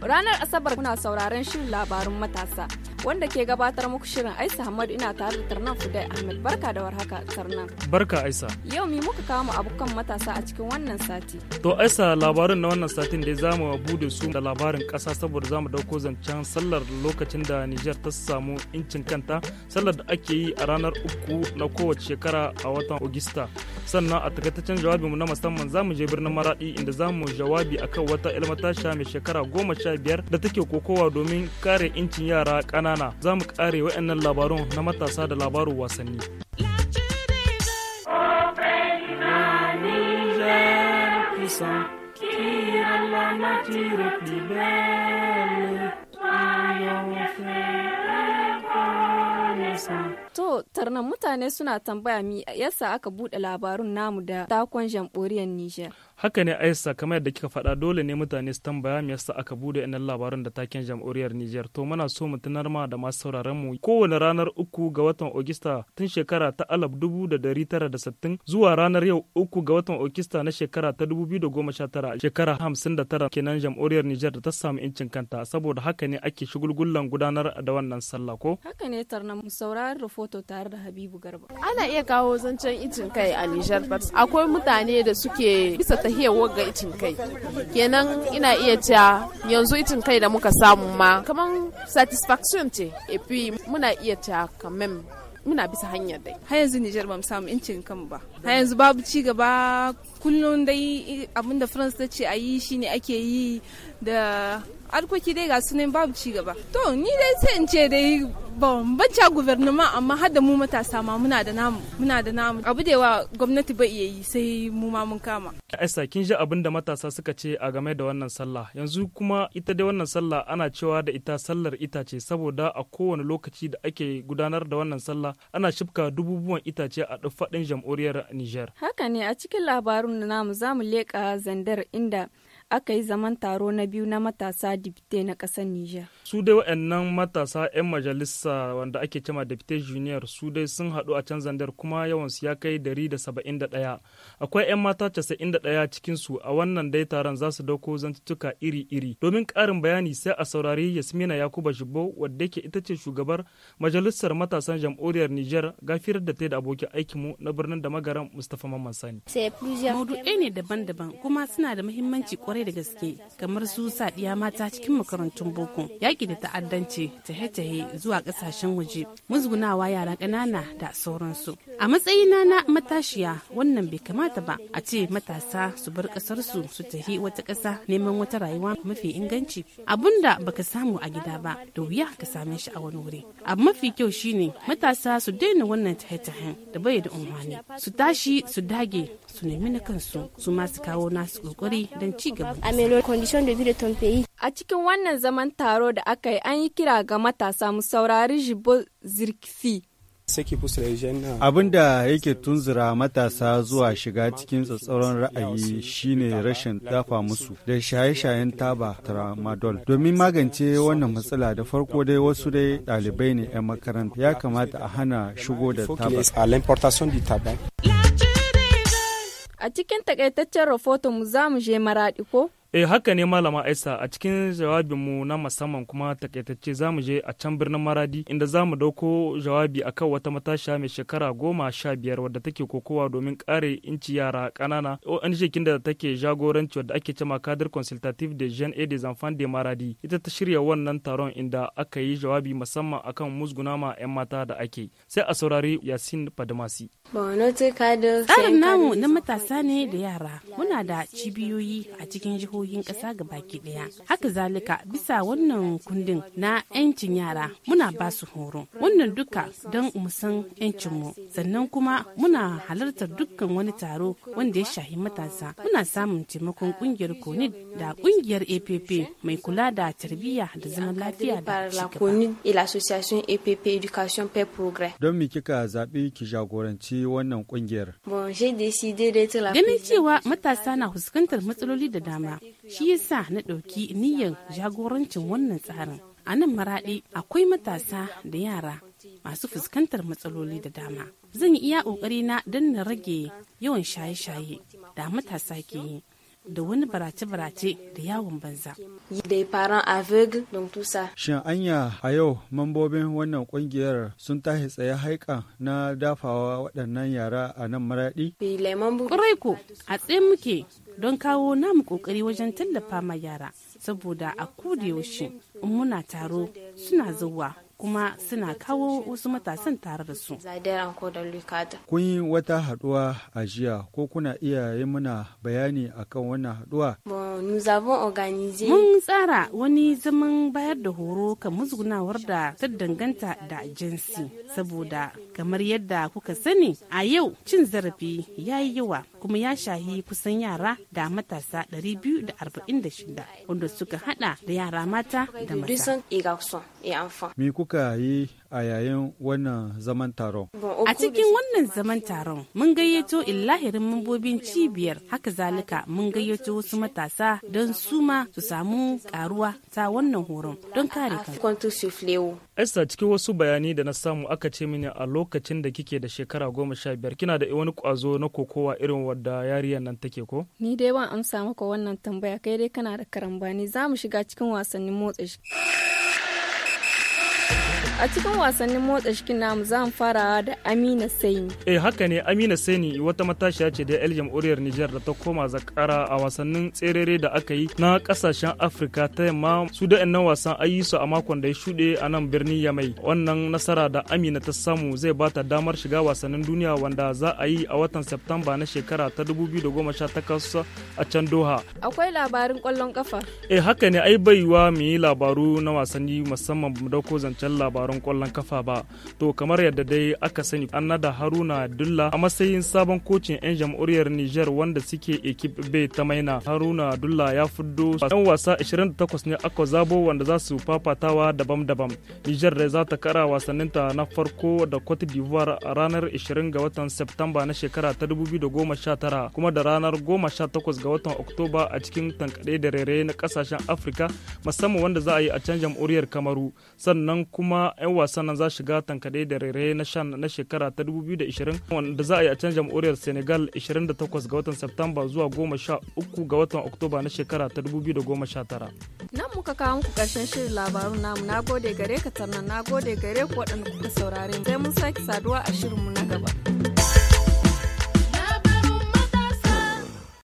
Ranar Asabar kuna sauraron shirin labarun matasa wanda ke gabatar muku shirin aisa Ahmad ina tare da Tarnan Fudai Ahmed. Barka da warhaka Tarnan. Barka Aisha. Yau mi muka kawo mu abokan matasa a cikin wannan sati. To aisa labarin na wannan satin dai zamu bude su da labarin kasa saboda zamu dauko zancen sallar lokacin da Niger ta samu incin kanta sallar da ake yi a ranar uku na kowace shekara a watan Ogista. sannan a takaitaccen mu na musamman za mu je birnin maradi inda za mu jawabi akan wata ilmatasha mai shekara goma sha biyar da take kokowa domin kare incin yara ƙanana za mu kare waɗannan labarun na matasa da labarin wasanni. Thank you. To tarnan mutane suna tambaya mi yasa aka buɗe labarun namu da dakon jamboriyar Nijar. Haka ne Aisa kamar yadda kika faɗa dole ne mutane su tambaya mi yasa aka buɗe yanan labarun da taken jamboriyar Nijar. To muna so mu tunar ma da masu sauraron mu kowane ranar uku ga watan Ogista tun shekara ta 1960 dubu da dari tara da sittin zuwa ranar yau uku ga watan Ogista na shekara ta dubu biyu da goma sha tara shekara hamsin da tara kenan jamboriyar Nijar da ta samu incin kanta saboda haka ne ake shugulgullan gudanar da wannan sallah ko. Haka ne tarnan mu sauraron rahoto tare da Habibu Garba. Ana iya kawo zancen itin kai a Nijar akwai mutane da suke bisa tahiyar wagga itin kai. Kenan ina iya cewa yanzu itin kai da muka samu ma kaman satisfaction ce. Epi muna iya cewa kamen muna bisa hanyar dai. Har yanzu Nijar ba samu incin kan ba. Har yanzu babu ci gaba kullum dai abinda da France ta ce a yi shi ne ake yi da harkoki dai ga sunan babu ci gaba to ni dai sai in ce dai ban banca guvernema amma har da mu matasa ma muna da namu muna da namu abu da yawa gwamnati ba iya yi sai mu ma mun kama kin ji abin matasa suka ce a game da wannan sallah yanzu kuma ita dai wannan sallah ana cewa da ita sallar itace saboda a kowane lokaci da ake gudanar da wannan sallah ana shifka dububuwan itace a duk faɗin jamhuriyar Niger haka ne a cikin labarun namu zamu leka zandar inda aka yi zaman taro na biyu na matasa dipte na ƙasar Nijar. Su dai waɗannan matasa 'yan majalisa wanda ake cema dipte junior su dai sun haɗu a can zandar kuma yawan su ya kai ɗaya Akwai 'yan mata casa'in da ɗaya cikin su a wannan dai taron za su dauko zantuttuka iri-iri. Domin ƙarin bayani sai a saurari Yasmina Yakuba Jibo wadda ke ita ce shugabar majalisar matasan jam'uriyar Nijar gafirar da ta da abokin aikinmu na birnin da magaran Mustapha Mamman Sani. Maudu'ai ne daban-daban kuma suna da muhimmanci kwarai da gaske kamar su sadiya mata cikin makarantun boko yaki da ta'addanci tahe-tahe zuwa ƙasashen waje muzgunawa yara ƙanana da sauransu a matsayina na matashiya wannan bai kamata ba a ce matasa su bar ƙasarsu su tahi wata ƙasa neman wata rayuwa mafi inganci abunda baka samu a gida ba da wuya ka same shi a wani wuri abu mafi kyau shine matasa su daina wannan tahe-tahen da bai da umarni. su tashi su dage su nemi na kansu su ma kawo nasu kokari don ci gaba A cikin wannan zaman taro da aka yi an yi kira ga matasa mu saurari Jibo Zirkfi. Abin da yake tunzura matasa zuwa shiga cikin tsatsauran ra'ayi shine rashin dafa musu da shaye-shayen taba tramadol. Domin magance wannan matsala da farko dai wasu dai ɗalibai ne 'yan makaranta ya kamata a hana shigo da taba. A cikin takaitaccen rahoton mu za mu je maraɗi ko? eh haka ne malama aisa a cikin jawabin mu na musamman kuma takaitacce za mu je a can birnin maradi inda za mu dauko jawabi akan wata matashiya mai shekara goma sha biyar wadda take kokowa domin kare inci yara kanana an kin da take jagoranci wadda ake cema cadre consultative de jeunes et des enfants de maradi ita ta shirya wannan taron inda aka yi jawabi musamman akan musgunama ma 'yan mata da ake sai a saurari yasin fadamasi tsarin namu na matasa ne da yara muna da cibiyoyi a cikin jihohi jihohin ƙasa ga baki ɗaya. Haka zalika bisa wannan kundin na 'yancin yara muna ba su horo. Wannan duka don mu san 'yancinmu. Sannan kuma muna halartar dukkan wani taro wanda ya shahi matasa. Muna samun taimakon ƙungiyar Konid da ƙungiyar APP mai kula da tarbiyya da zaman lafiya da shugaba. Don me kika zaɓi ki jagoranci wannan ƙungiyar? Ganin cewa matasa na fuskantar matsaloli da dama Shi yasa na ɗauki niyyar jagorancin wannan tsarin. A nan maraɗi akwai matasa da yara masu fuskantar matsaloli da dama. Zan yi iya ƙoƙari na don na rage yawan shaye-shaye da matasa ke yi. da wani barace-barace da yawon banza. Shin anya a yau mambobin wannan kungiyar sun tashi tsaye haika na dafawa waɗannan yara a nan maraɗi? Ƙwarai ko a tsaye muke don kawo namu ƙoƙari wajen tallafa ma yara saboda a yaushe in muna taro suna zuwa kuma suna kawo wasu matasan tare da su. Kun yi wata haɗuwa a jiya ko kuna iya yi muna bayani akan wannan haɗuwa? Mun tsara wani zaman bayar da horo kan muzgunawar da ta danganta da jinsi saboda kamar yadda kuka sani a yau cin zarafi ya yi yawa kuma ya shahi kusan yara da matasa 246 wanda suka hada da yara mata da mata. kuka yi a yayin wannan zaman taron? A cikin wannan zaman taron mun gayyato illahirin mambobin cibiyar haka zalika mun gayyato wasu matasa don suma su samu karuwa ta wannan horon don kare kan. Esther cikin wasu bayani da na samu aka ce mini a lokacin da kike da shekara goma sha biyar kina da wani kwazo na kokowa irin wadda yariyar nan take ko? Ni dai ban amsa maka wannan tambaya kai dai kana da karambani za mu shiga cikin wasannin motsa jiki. A cikin wasannin motsa jikin namu za mu farawa da Amina Saini. Eh haka ne Amina Saini wata matashiya ce da 'yar jam'uriyar Nijar da ta koma zakara a wasannin tserere da aka yi na kasashen Afirka ta yamma su da wasan ayi su a makon da ya shuɗe a nan birnin Yamai. Wannan nasara da Amina ta samu zai ba ta damar shiga wasannin duniya wanda za a yi a watan Septamba na shekara ta 2018 a can Doha. Akwai labarin kwallon kafa. Eh haka ne ai baiwa mu yi labaru na wasanni musamman mu dauko zancen labaru labarun kwallon kafa ba to kamar yadda dai aka sani an nada haruna dulla a matsayin sabon kocin 'yan jam'uriyar niger wanda suke ekip b ta maina haruna dulla ya fido yan wasa 28 ne aka zabo wanda za su fafatawa daban-daban niger da za ta kara wasanninta na farko da cote d'ivoire a ranar 20 ga watan september na shekara ta 2019 kuma da ranar 18 ga watan oktoba a cikin tankaɗe da rere na kasashen afirka musamman wanda za a yi a can jam'uriyar kamaru sannan kuma 'yan wasan nan za shiga tankade da rere na shan na shekara ta 2020 wanda za a yi a can jamhuriyar Senegal 28 ga watan september zuwa 13 ga watan Oktoba na shekara ta 2019. Nan muka kawo muku karshen shirin labarun namu na gode gare ka sannan na gode gare ku waɗanda kuka saurare sai mun sake saduwa a shirin mu na gaba.